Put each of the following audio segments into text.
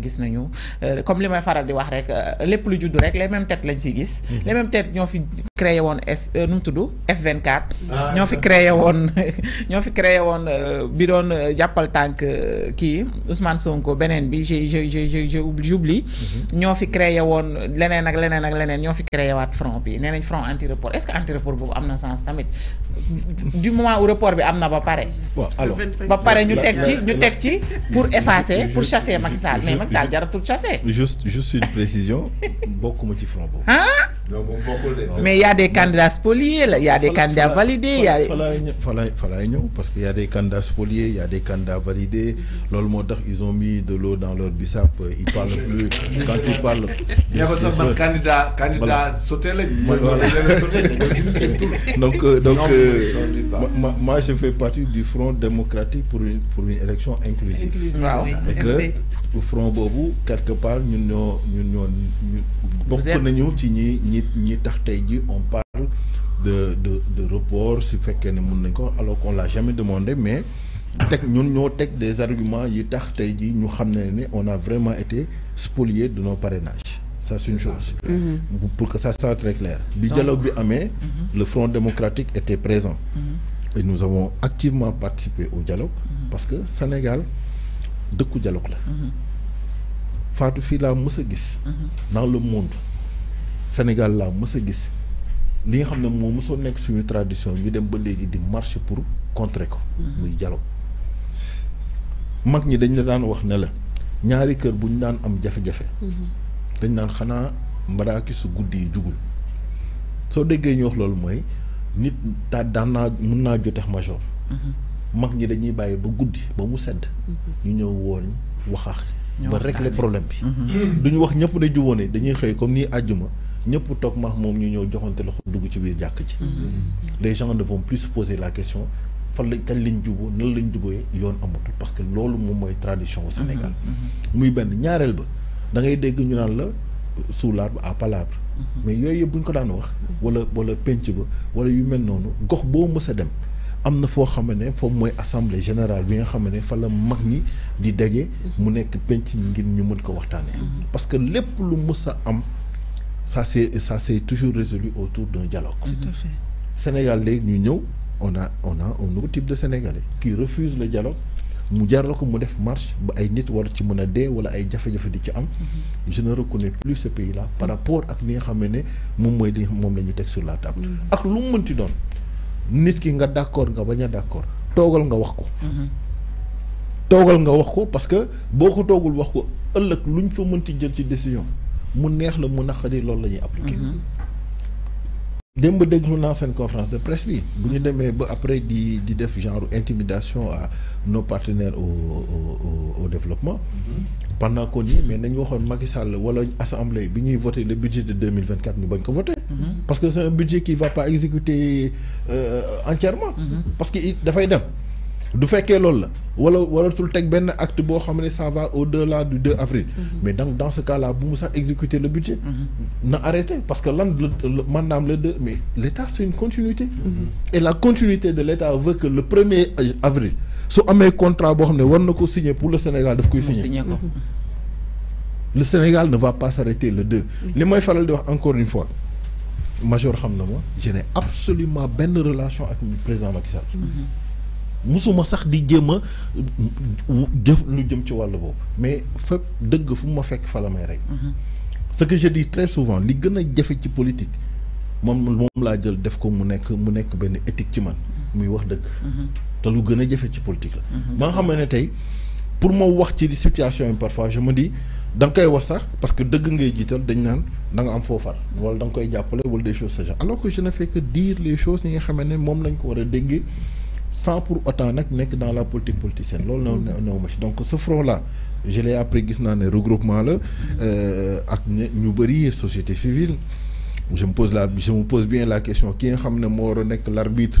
gis nañu euh, comme li may faral di wax rek euh, lépp lu judd rek les mêmes têtes lañ ci gis. Mhm. les mêmes têtes ñoo fi créé woon S euh, nu mu tudd F24. Ah, ñoo fi créé woon ñoo fi créé woon bi doon jàppal tànk kii Ousmane Sonko beneen bi j'ai j'ai j'ai j'oublie mhm. ñoo fi créé woon leneen ak leneen ak leneen ñoo fi créé waat front bi nee nañ front anti report est-ce que anti report boobu am na sens tamit du moment où report bi am na ba pare. ba pare ñu teg ci ñu teg ci pour effacer pour chasser Macky Sall mais tout juste juste une précision Beaucoup ci front boobu. Hein? Mais non mais y a des candidats spoliés Il y a des candidats validés y a. parce qu'il y a des candidats spoliés y a des candidats validés loolu ils ont mis de l'eau dans leur bissap ils parlent plus quand ils parlent. y a votre candidat candidat sauté Moi, voilà donc euh, donc euh, je fais partie du front démocratique pour une pour une élection inclusive front Bobo, quelque part ñun ñun on parle de report su qu'on ne alors qu'on l'a jamais demandé mais nous ñun des arguments yi tax on a vraiment été spolié de nos parrainages ça c'est une chose mm-hmm. pour que ça soit très clair bi dialogue bi amé mm-hmm. le front démocratique était présent mm-hmm. et nous avons activement participé au dialogue parce que Sénégal dëkku dialogue la. Fatou fii laa mës a gis. dans le monde Sénégal laa mës gis li nga xam ne moo mësoo nekk suñu tradition ñu dem ba léegi di marché pour contrer ko. muy dialogue. mag ñi dañ la daan wax ne la ñaari kër bu ñu daan am jafe-jafe. dañ naan xanaa mbaraaki su guddi yi jugul soo déggee ñu wax loolu mooy nit ta daan naa mun naa joteex major. mag ñi dañuy bàyyi ba guddi ba mu sedd. ñu ñëw woon waxax ba régler problème bi. Mm-hmm. duñu wax ñëpp ne juwoone dañuy xëy comme nii àjjuma ñëpp toog max moom ñu ñëw joxante loxo dugg ci biir jàkk ci mm-hmm. les gens ne vont plus se poser la question fan la kañ lañ juboo nan lañ jubooyee yoon amatul parce que loolu moom mooy tradition au Sénégal. Mm-hmm. muy benn ñaareel ba da ngay dégg ñu naan la euh, sous l'arbre à mais yooyu yëpp bu ñu ko daan wax. wala wala penc ba wala yu mel noonu gox boo mës dem. am na foo xam ne assemblée générale bi nga xam fa la mag ñi di daje. mu nek penc ngir ñu mën ko waxtané mhm. parce que lépp lu mussa am ça c'est ça c'est toujours résolu autour d'un dialogue. tout à fait Sénégal ñu ñëw on a on a un nouveau type de Sénégalais qui refuse le dialogue. mu jaral ko mu def marche ba ay nit war ci mëna a wala ay jafé jafé di ci am mhm. je ne reconnais plus ce pays là par mhm. rapport ak li nga xam ne moom mooy li moom lañu tek sur la table ak lu mënti doon nit ki nga d' accord nga bañ a d' accord toogal nga wax ko toogal nga wax ko parce que boo ko toogul wax ko ëllëg luñ fa mënti jël ci décision mu neex la mu naqari loolu la ñuy appliqué Nous deglu une une conférence de presse après di di def genre intimidation à nos partenaires au développement mm-hmm. pendant qu'on y est mais nañu waxone Macky Sall wala assemblée Nous avons voter le budget de 2024 nous bañ ko voter mm-hmm. parce que c'est un budget qui ne va pas exécuter euh, entièrement mm-hmm. parce que fay dem du fait que la wala waratul tek ben acte bo ça va au-delà du 2 avril. Mm-hmm. mais dans ce cas-là bu exécuter le budget. Mm-hmm. na arrêté parce que lan le mais l'État c'est une continuité. Mm-hmm. et la continuité de l'État veut que le 1er avril si on contrat un xamné signer pour le Sénégal daf koy signer. le Sénégal ne va pas s'arrêter le 2. Les vais faral encore une fois. Major xam je n'ai absolument de relation avec le président Macky mosuma sax di jéem a euh, jëf lu jëm ci wàll boobu mais fépp dëgg fu mu ma fekk fa la may rey. Mhm. ce que je dis très souvent li gën a jafe ci politique moom moom laa jël def ko mu nekk mu nekk benn éthique ci man. Mhm. muy wax dëgg. Mhm. te lu gën a jafe ci politique la. ba nga xam ne tey pour ma wax ci situation yi parfois je me dis da nga koy wax sax parce que dëgg ngay jiital dañ naan danga am foofar. wala da nga koy jàppale wala des choses ce genre alors que je ne fais que dire les choses yi nga xam ne moom lañ ko war a déggee. sans pour autant être dans la politique politicienne donc ce front là je l'ai appris dans le regroupement la euh, ak ñu société civile je me pose la je me pose bien la question qui est l'arbitre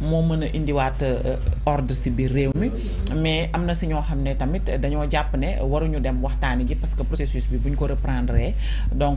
moo mën a indiwaat euh, ordre si biir réew mi mais am na si ñoo xam ne tamit dañoo jàpp ne waruñu dem waxtaani ji parce que processus bi buñ ko reprendre donc